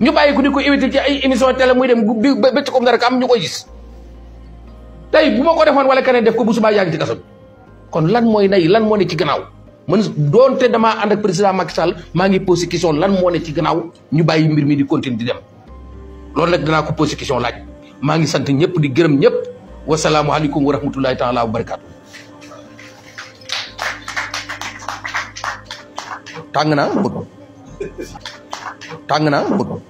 ñu bàyyi ko di ko éviter ci ay émission télé muy dem bi bëcc ko dara ka am ñu koy gis tey bu ma ko defoon wala keneen def ko bu subaa yaa ngi ci kaso kon lan mooy nay lan moo ne ci gannaaw man doonte damaa ànd ak président Macky Sall maa ngi posé question lan moo ne ci gannaaw ñu bàyyi mbir mi di continuer di dem loolu nag danaa ko posé question laaj maa ngi sant ñëpp di gërëm ñëpp wasalaamualeykum wa rahmatullahi taala wa barakaatu. tàng naa tàng naa